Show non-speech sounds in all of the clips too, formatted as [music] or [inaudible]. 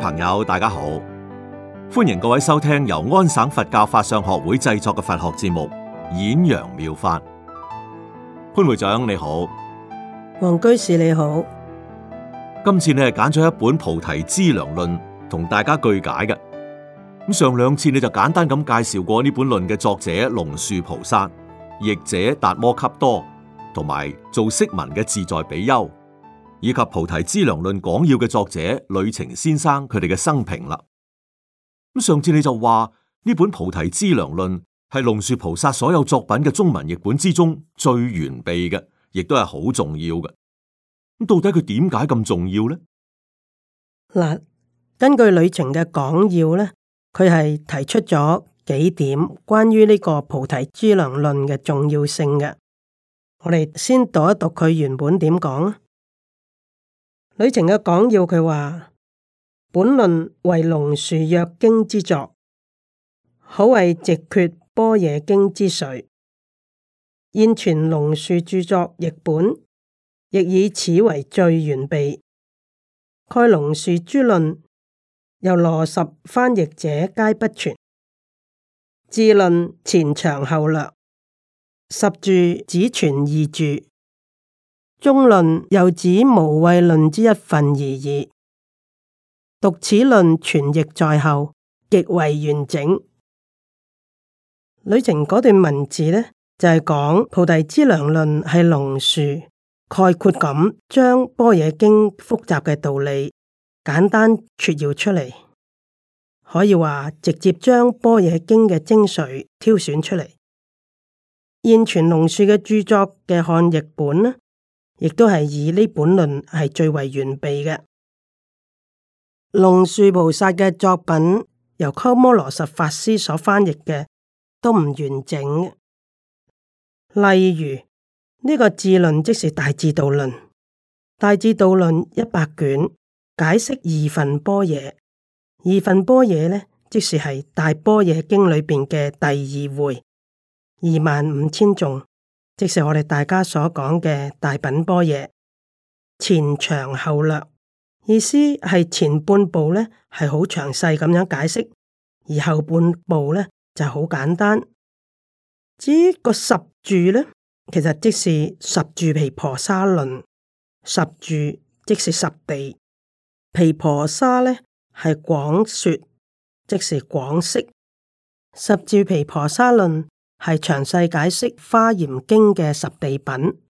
朋友，大家好，歡迎各位收聽由安省佛教法相學會製作嘅佛學節目《演揚妙，妙法》。潘會長你好，黃居士你好，今次你係揀咗一本《菩提資糧論》同大家具解嘅。咁上兩次你就簡單咁介紹過呢本論嘅作者龍樹菩薩，譯者達摩笈多，同埋做釋文嘅自在比丘。以及《菩提資糧論》講要嘅作者呂程先生，佢哋嘅生平啦。咁上次你就話呢本《菩提資糧論》係龍樹菩薩所有作品嘅中文譯本之中最完備嘅，亦都係好重要嘅。咁到底佢點解咁重要咧？嗱，根據呂程嘅講要咧，佢係提出咗幾點關於呢個《菩提資糧論》嘅重要性嘅。我哋先讀一讀佢原本點講。旅程嘅講要，佢話本論為龍樹約經之作，好為直決般若經之髓。現存龍樹著作譯本亦以此為最完備。蓋龍樹諸論又羅什翻譯者皆不全，自論前長後略，十住只存二住。中論又指無畏論之一分而已。讀此論全譯在後，極為完整。旅程嗰段文字呢，就係講菩提資糧論係龍樹概括咁，將般若經複雜嘅道理簡單撮要出嚟，可以話直接將般若經嘅精髓挑選出嚟。現存龍樹嘅著作嘅漢譯本呢，亦都係以呢本論係最為完備嘅龍樹菩薩嘅作品，由鳩摩羅什法師所翻譯嘅都唔完整。例如呢、這個智論，即是大智度論，大智度論一百卷，解釋二分般若。二分般若呢，即是係大般若經裏邊嘅第二會，二萬五千頌。即是我哋大家所講嘅大品般若，前長後略，意思係前半部呢係好詳細咁樣解釋，而後半部呢就好、是、簡單。至、這、於個十住呢，其實即是十住毘婆沙論，十住即是十地毘婆沙呢係廣說，即是廣釋十住毘婆沙論。係詳細解釋《花嚴經》嘅十地品，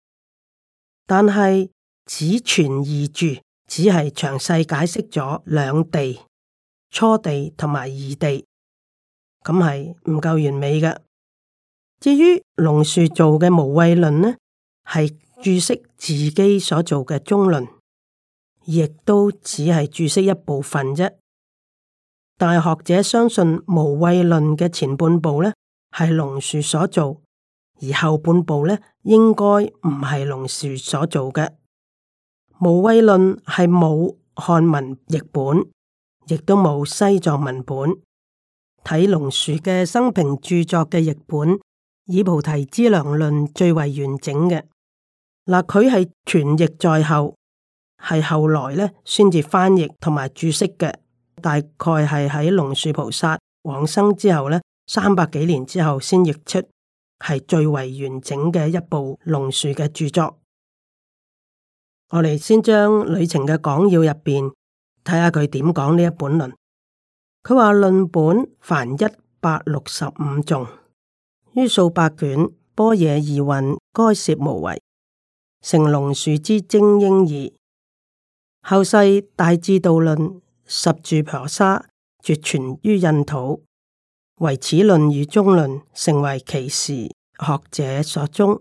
但係只存二住，只係詳細解釋咗兩地初地，同埋二地，咁係唔夠完美嘅。至於龍樹做嘅《無畏論》呢，係注釋自己所做嘅中論，亦都只係注釋一部分啫。但係學者相信《無畏論》嘅前半部呢，係龍樹所做，而後半部咧應該唔係龍樹所做嘅。無畏論係冇漢文譯本，亦都冇西藏文本。睇龍樹嘅生平著作嘅譯本，以菩提資糧論最為完整嘅。嗱，佢係全譯在後，係後來咧先至翻譯同埋註釋嘅，大概係喺龍樹菩薩往生之後咧。三百幾年之後出，先譯出係最為完整嘅一部龍樹嘅著作。我哋先將旅程嘅講要入邊睇下佢點講呢一本論。佢話論本凡一百六十五種，於數百卷般若而云，該攝無遺，成龍樹之精英耳。後世大智度論十住婆沙絕存於印土。為此論與中論成為其時學者所宗。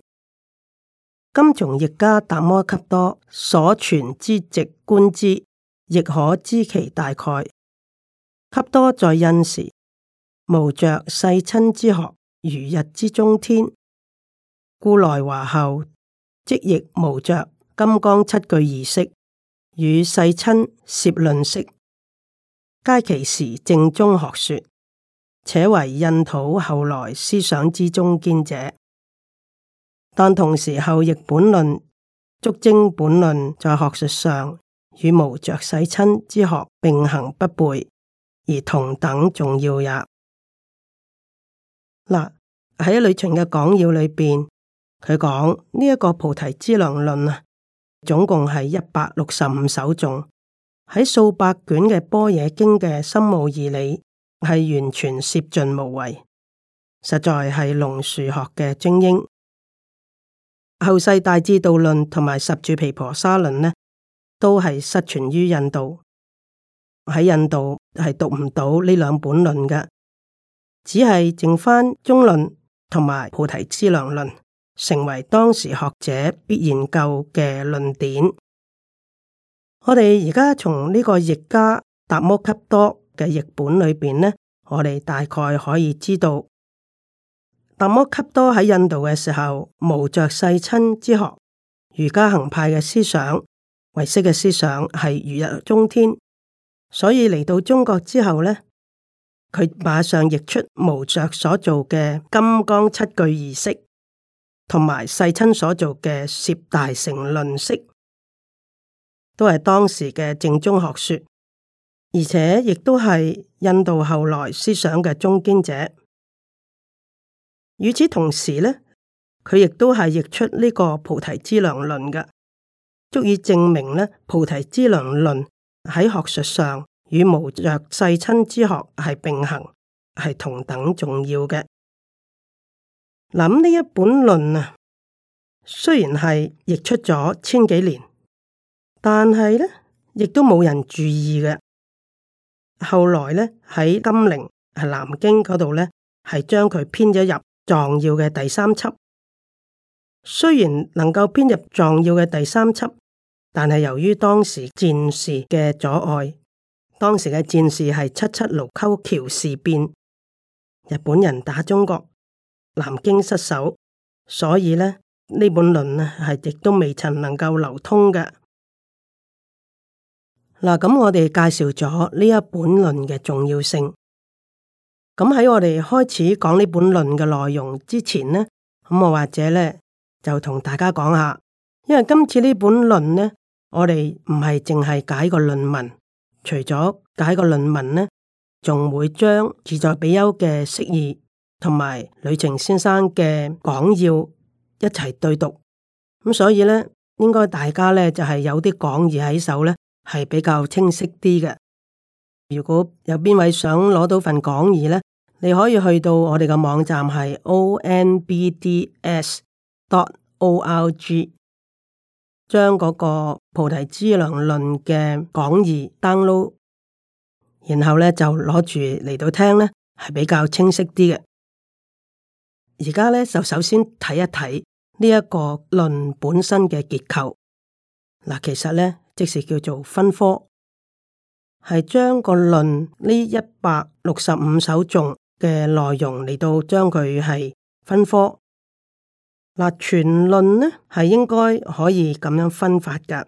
今從譯家達摩笈多所傳之籍觀之，亦可知其大概。笈多在印時無着世親之學如日之中天，故來華後即亦無着金剛七句儀式與世親攝論釋，皆其時正宗學說。且為印土後來思想之中堅者，但同時後譯本論、足精本論在學術上與無着世親之學並行不悖，而同等重要也。嗱，喺旅程嘅講要裏邊，佢講呢一個菩提資糧論啊，總共係一百六十五首頌，喺數百卷嘅般若經嘅深奧義理，係完全攝盡無遺，實在係龍樹學嘅精英。後世大智度論同埋十住毗婆沙論呢，都係失傳於印度，喺印度係讀唔到呢兩本論嘅，只係剩返中論同埋菩提資糧論，成為當時學者必研究嘅論點。我哋而家從呢個譯家達摩笈多。嘅譯本裏邊呢，我哋大概可以知道，達摩笈多喺印度嘅時候，無着世親之學，瑜伽行派嘅思想、唯識嘅思想係如日中天，所以嚟到中國之後呢，佢馬上譯出無着所做嘅《金剛七句儀式》，同埋世親所做嘅《攝大乘論釋》，都係當時嘅正宗學說。而且亦都係印度後來思想嘅中堅者。與此同時咧，佢亦都係譯出呢個《菩提資糧論》嘅，足以證明咧《菩提資糧論》喺學術上與無著《世親之學》係並行，係同等重要嘅。嗱、嗯、呢一本論啊，雖然係譯出咗千幾年，但係咧亦都冇人注意嘅。後來咧喺金陵係南京嗰度咧，係將佢編咗入《藏要》嘅第三輯。雖然能夠編入《藏要》嘅第三輯，但係由於當時戰事嘅阻礙，當時嘅戰事係七七盧溝橋事變，日本人打中國，南京失守，所以咧呢本論啊係亦都未曾能夠流通嘅。嗱，咁我哋介紹咗呢一本論嘅重要性，咁喺我哋開始講呢本論嘅內容之前呢，咁我或者呢就同大家講下，因為今次呢本論呢，我哋唔係淨係解個論文，除咗解個論文呢，仲會將自在比丘嘅釋義同埋呂澄先生嘅講要一齊對讀，咁所以呢，應該大家呢，就係、是、有啲講義喺手呢。係比較清晰啲嘅。如果有邊位想攞到份講義咧，你可以去到我哋嘅網站係 o n b d s dot o r g，將嗰個《菩提資糧論》嘅講義 download，然後咧就攞住嚟到聽咧，係比較清晰啲嘅。而家咧就首先睇一睇呢一個論本身嘅結構。嗱，其實咧，即是叫做分科，係將個論呢一百六十五首頌嘅內容嚟到將佢係分科。嗱，全論咧係應該可以咁樣分法噶。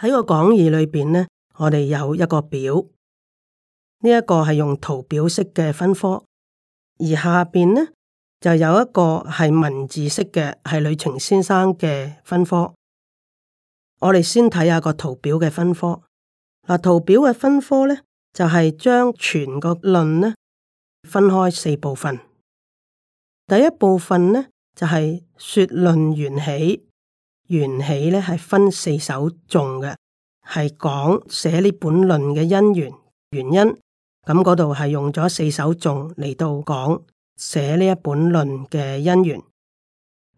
喺個講義裏邊咧，我哋有一個表，呢、這、一個係用圖表式嘅分科，而下邊咧就有一個係文字式嘅，係呂澂先生嘅分科。我哋先睇下個圖表嘅分科。嗱，圖表嘅分科咧，就係、是、將全個論咧分開四部分。第一部分咧就係、是、說論緣起，緣起咧係分四首頌嘅，係講寫呢本論嘅因緣原因。咁嗰度係用咗四首頌嚟到講寫呢一本論嘅因緣。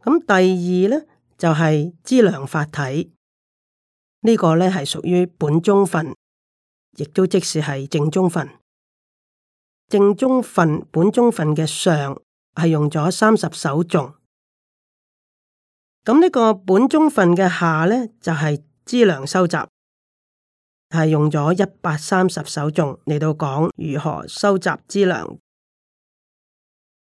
咁第二咧就係、是、資糧法體。呢個咧係屬於本宗份，亦都即使係正宗份。正宗份，本宗份嘅上係用咗三十首頌，咁呢個本宗份嘅下呢，就係、是、資糧收集，係用咗一百三十首頌嚟到講如何收集資糧。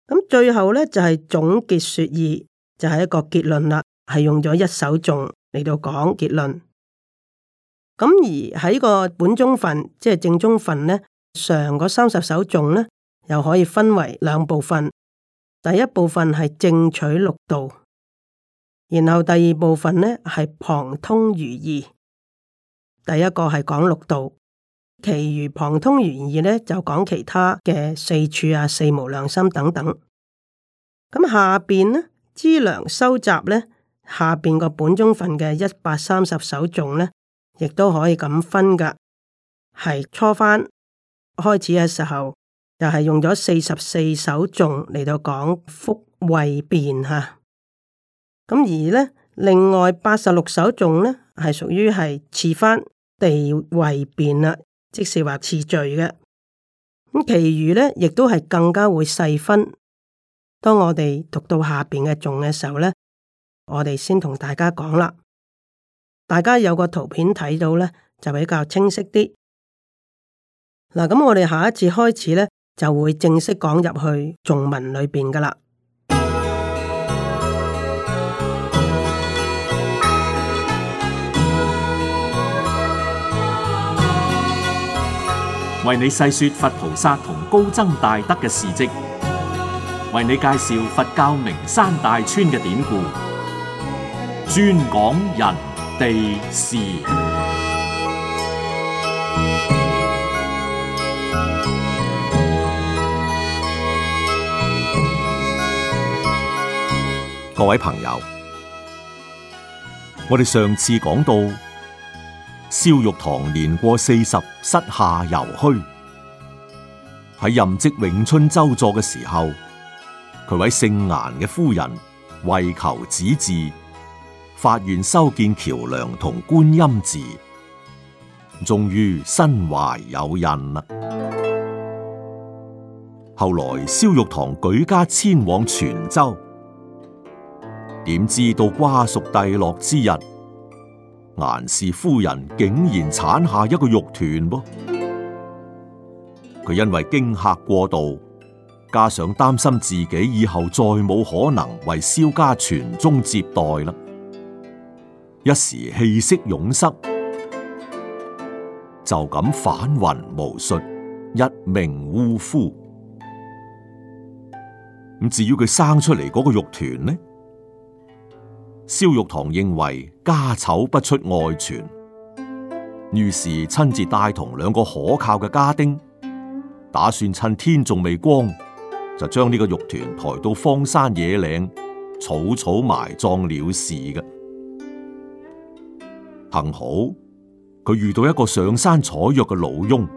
咁最後呢，就係、是、總結說義，就係、是、一個結論啦，係用咗一首頌嚟到講結論。咁而喺個本宗份，即係正宗份呢，上嗰三十首頌呢，又可以分為兩部分。第一部分係正取六度，然後第二部分呢係旁通如意。第一個係講六度，其餘旁通如意呢，就講其他嘅四處啊、四無量心等等。咁下邊呢，資糧收集呢，下邊個本宗份嘅一百三十首頌呢。亦都可以咁分㗎，係初番開始嘅時候，又係用咗四十四首頌嚟到講福慧辨吓。咁而呢，另外八十六首頌呢，係屬於係次番地讀慧辨啦，即是話次序嘅。咁其餘呢，亦都係更加會細分。當我哋讀到下面嘅頌嘅時候呢，我哋先同大家講喇。大家有個圖片睇到咧，就比較清晰啲。嗱，咁我哋下一次開始咧，就會正式講入去眾文裏邊噶啦。為你細說佛菩薩同高僧大德嘅事跡，為你介紹佛教名山大川嘅典故，專講人。地事，各位朋友，我哋上次講到，蕭玉堂年過四十，膝下猶虛，喺任職永春州助嘅時候，佢位姓顏嘅夫人為求子嗣。發願修建橋樑同觀音寺，終於身懷有孕啦。後來蕭玉堂舉家遷往泉州，點知到瓜熟蒂落之日，顏氏夫人竟然產下一個肉團噃。佢因為驚吓過度，加上擔心自己以後再冇可能為蕭家傳宗接代啦。一時氣息湧塞，就咁返魂無術，一命嗚呼。咁至於佢生出嚟嗰個肉團呢？蕭玉堂認為家醜不出外傳，於是親自帶同兩個可靠嘅家丁，打算趁天仲未光，就將呢個肉團抬到荒山野嶺，草草埋葬了事嘅。幸好佢遇到一個上山採藥嘅老翁，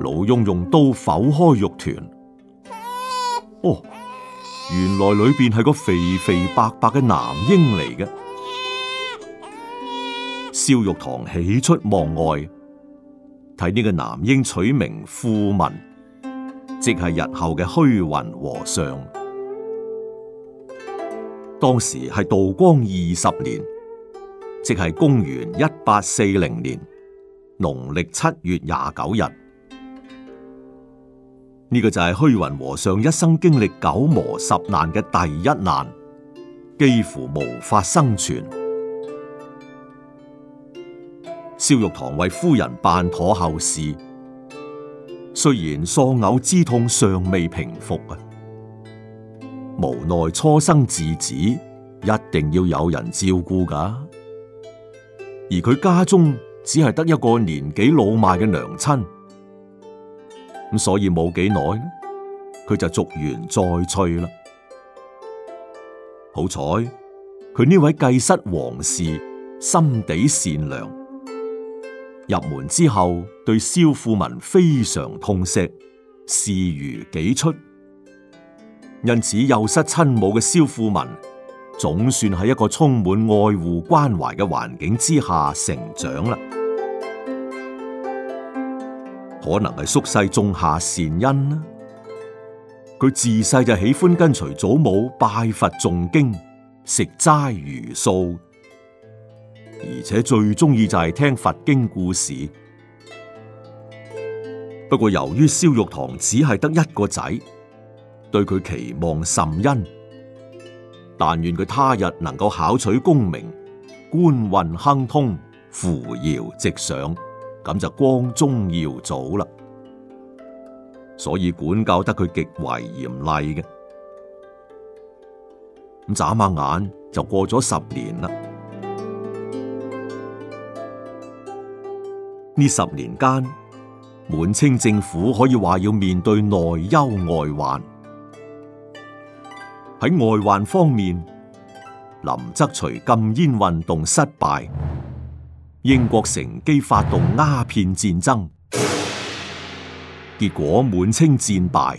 老翁用刀剖開肉團，哦，原來裏邊係個肥肥白白嘅男嬰嚟嘅。蕭玉 [laughs] 堂喜出望外，睇呢個男嬰取名富民，即係日後嘅虛雲和尚。當時係道光二十年。即係公元一八四零年農曆七月廿九日，呢、這個就係虛雲和尚一生經歷九磨十難嘅第一難，幾乎無法生存。蕭玉堂為夫人辦妥後事，雖然喪偶之痛尚未平復啊，無奈初生稚子一定要有人照顧㗎。而佢家中只係得一個年紀老邁嘅娘親，咁所以冇幾耐，佢就續緣再娶啦。好彩，佢呢位繼室王氏心地善良，入門之後對蕭富民非常痛惜，視如己出，因此幼失親母嘅蕭富民。總算喺一個充滿愛護關懷嘅環境之下成長啦，可能係宿世種下善因。啦。佢自細就喜歡跟隨祖母拜佛誦經、食齋茹素，而且最中意就係聽佛經故事。不過由於蕭玉堂只係得一個仔，對佢期望甚殷。但願佢他日能夠考取功名，官運亨通，扶搖直上，咁就光宗耀祖啦。所以管教得佢極為嚴厲嘅。咁眨下眼就過咗十年啦。呢十年間，滿清政府可以話要面對內憂外患。喺外患方面，林則徐禁煙運動失敗，英國乘機發動鴉片戰爭，結果滿清戰敗，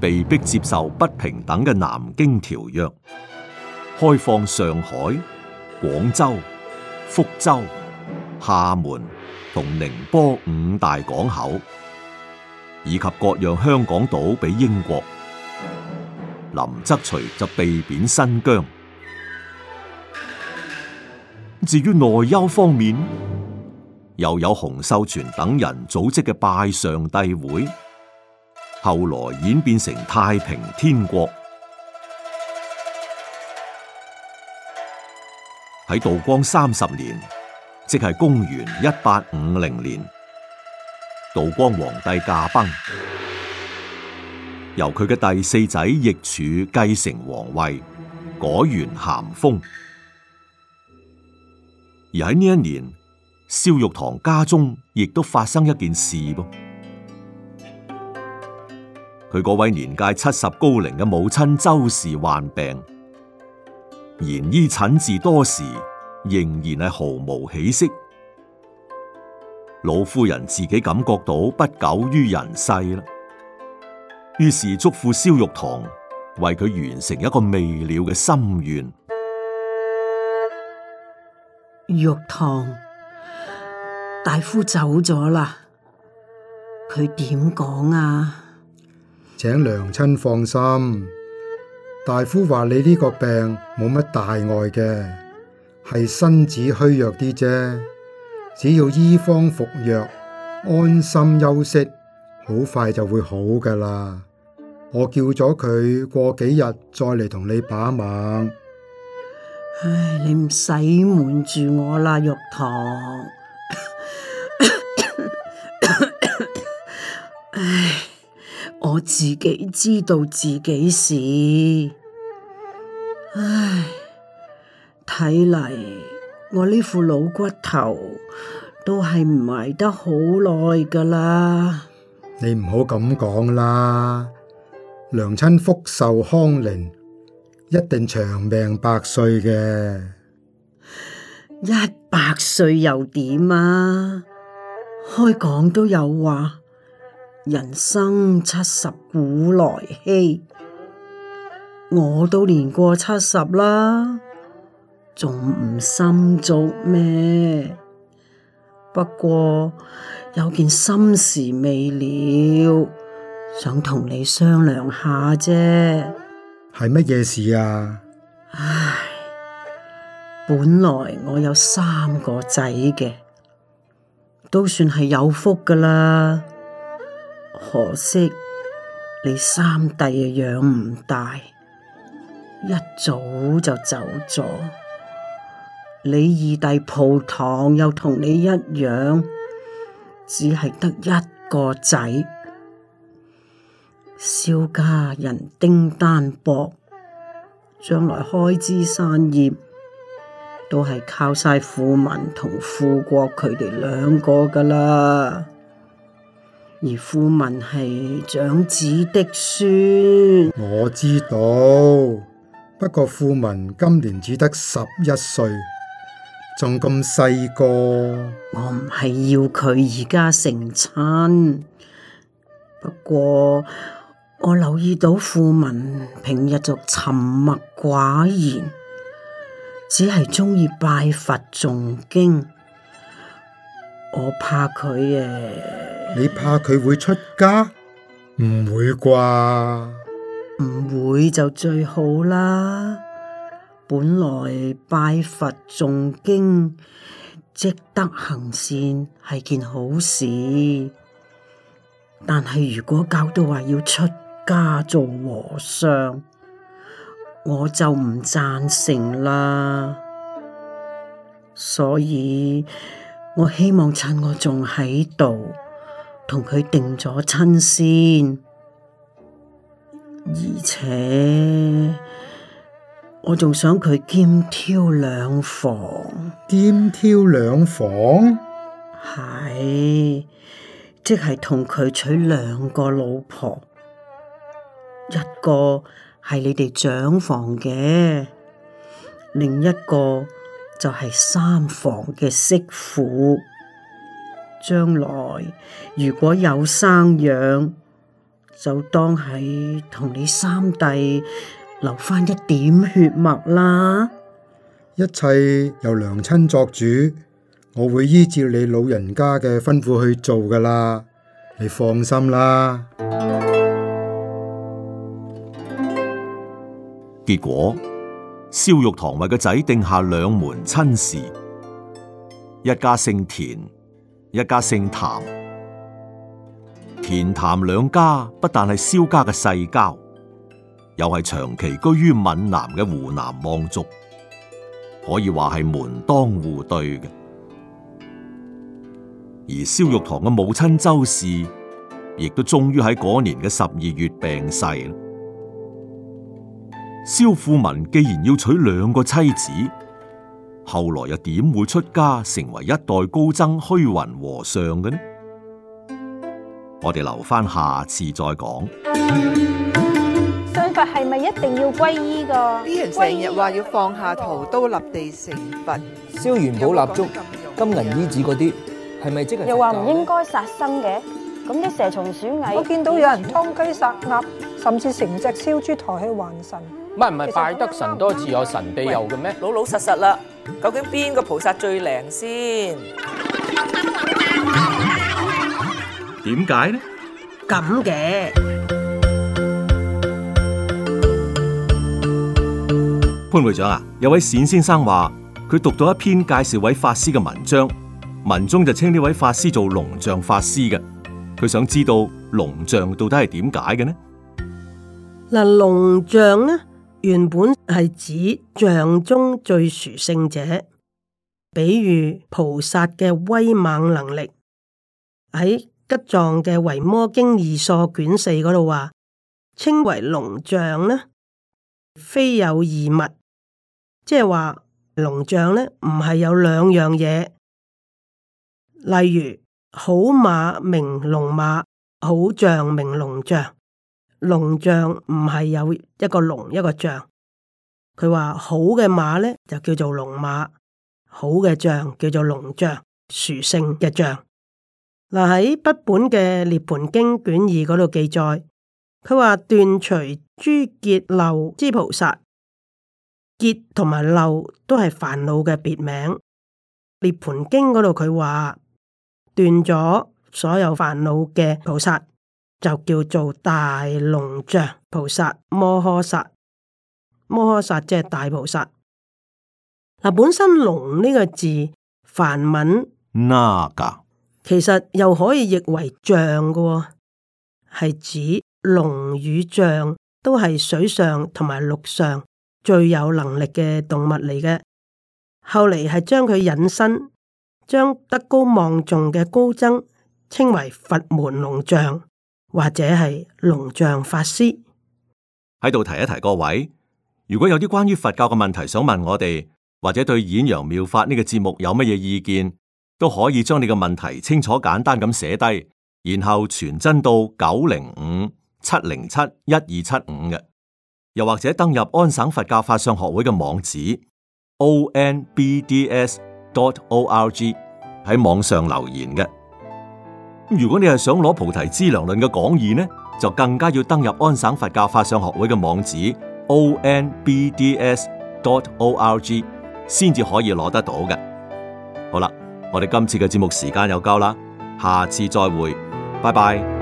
被迫接受不平等嘅《南京條約》，開放上海、廣州、福州、廈門同寧波五大港口，以及割讓香港島俾英國。林則徐就被貶新疆。至於內憂方面，又有洪秀全等人組織嘅拜上帝會，後來演變成太平天國。喺道光三十年，即係公元一八五零年，道光皇帝駕崩。由佢嘅第四仔奕詝繼承皇位，改元咸豐。而喺呢一年，蕭玉堂家中亦都發生一件事噃。佢嗰位年屆七十高齡嘅母親周氏患病，延醫診治多時，仍然係毫無起色。老夫人自己感覺到不久於人世啦。於是囑咐蕭玉堂為佢完成一個未了嘅心願。玉堂，大夫走咗啦，佢點講啊？請娘親放心，大夫話你呢個病冇乜大礙嘅，係身子虛弱啲啫，只要依方服藥，安心休息。好快就會好噶啦！我叫咗佢過幾日再嚟同你把脈。唉，你唔使瞞住我啦，玉堂。 [laughs] 唉，我自己知道自己事。唉，睇嚟我呢副老骨頭都係唔挨得好耐噶啦。你唔好咁講啦，娘親福壽康寧，一定長命百歲嘅。一百歲又點啊？開講都有話，人生七十古來稀，我都年過七十啦，仲唔心足咩？不過有件心事未了，想同你商量下啫。係乜嘢事啊？唉，本來我有三個仔嘅，都算係有福㗎喇。可惜你三弟啊，養唔大，一早就走咗。你二弟蒲堂又同你一樣，只係得一個仔。蕭家人丁單薄，將來開枝散葉都係靠晒富民同富國佢哋兩個㗎喇。而富民係長子的孫。我知道，不過富民今年只得十一歲。仲咁細個，我唔係要佢而家成親。不過我留意到富民平日就沉默寡言，只係中意拜佛誦經。我怕佢誒、啊，你怕佢會出家？唔會啩？唔會就最好啦。本來拜佛誦經，積德行善係件好事，但係如果搞到話要出家做和尚，我就唔贊成啦。所以我希望趁我仲喺度同佢定咗親先，而且。我仲想佢兼祧兩房，兼祧兩房，係即係同佢娶兩個老婆，一個係你哋長房嘅，另一個就係三房嘅媳婦。將來如果有生養，就當喺同你三弟。留翻一點血脈啦！一切由娘親作主，我會依照你老人家嘅吩咐去做噶啦，你放心啦。結果，蕭玉堂為個仔定下兩門親事，一家姓田，一家姓譚。田譚兩家不但係蕭家嘅世交。又係長期居於閩南嘅湖南望族，可以話係門當戶對嘅。而蕭玉堂嘅母親周氏，亦都終於喺嗰年嘅十二月病逝。蕭富民既然要娶兩個妻子，後來又點會出家成為一代高僧虛雲和尚嘅呢？我哋留翻下次再講。佛係咪一定要皈依噶？啲人成日話要放下屠刀立地成佛，燒元寶蠟燭、金銀衣紙嗰啲，係咪即係？又話唔應該殺生嘅，咁啲蛇蟲鼠蟻，我見到有人劏雞殺鴨，甚至成隻燒豬抬去還神。唔係唔係，拜得神多自有神庇佑嘅咩？老老實實啦，究竟邊個菩薩最靈先？點解呢？咁嘅。潘會長啊，有位冼先生話佢讀到一篇介紹位法師嘅文章，文中就稱呢位法師做龍象法師嘅，佢想知道龍象到底係點解嘅呢？嗱，龍象呢原本係指象中最殊勝者，比如菩薩嘅威猛能力。喺《吉藏嘅維摩經義疏卷四》嗰度話，稱為龍象呢，非有異物。即係話龍象咧，唔係有兩樣嘢，例如好馬名龍馬，好象名龍象。龍象唔係有一個龍一個象，佢話好嘅馬咧就叫做龍馬，好嘅象叫做龍象，殊勝嘅象。嗱，喺北本嘅涅槃經卷二嗰度記載，佢話斷除諸劫漏之菩薩。結同埋漏都係煩惱嘅別名，《涅槃經》嗰度佢話斷咗所有煩惱嘅菩薩就叫做大龍象菩薩摩訶薩，摩訶薩即係大菩薩。嗱，本身龍呢個字梵文 na 噶，那個，其實又可以譯為象噶，係指龍與象都係水上同埋陸上。最有能力嘅動物嚟嘅，後嚟係將佢引申，將德高望重嘅高僧稱為佛門龍象，或者係龍象法師。喺度提一提各位，如果有啲關於佛教嘅問題想問我哋，或者對《演揚妙法》呢，這個節目有乜嘢意見，都可以將你嘅問題清楚簡單咁寫低，然後傳真到九零五七零七一二七五嘅。又或者登入安省佛教法上學會嘅網址 o n b d s dot o r g 喺網上留言嘅。如果你係想攞《菩提資糧論》嘅講義呢，就更加要登入安省佛教法上學會嘅網址 o n b d s dot o r g 先至可以攞得到嘅。好啦，我哋今次嘅節目時間又夠啦，下次再會，拜拜。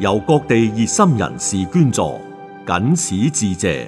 由各地熱心人士捐助，謹此致謝。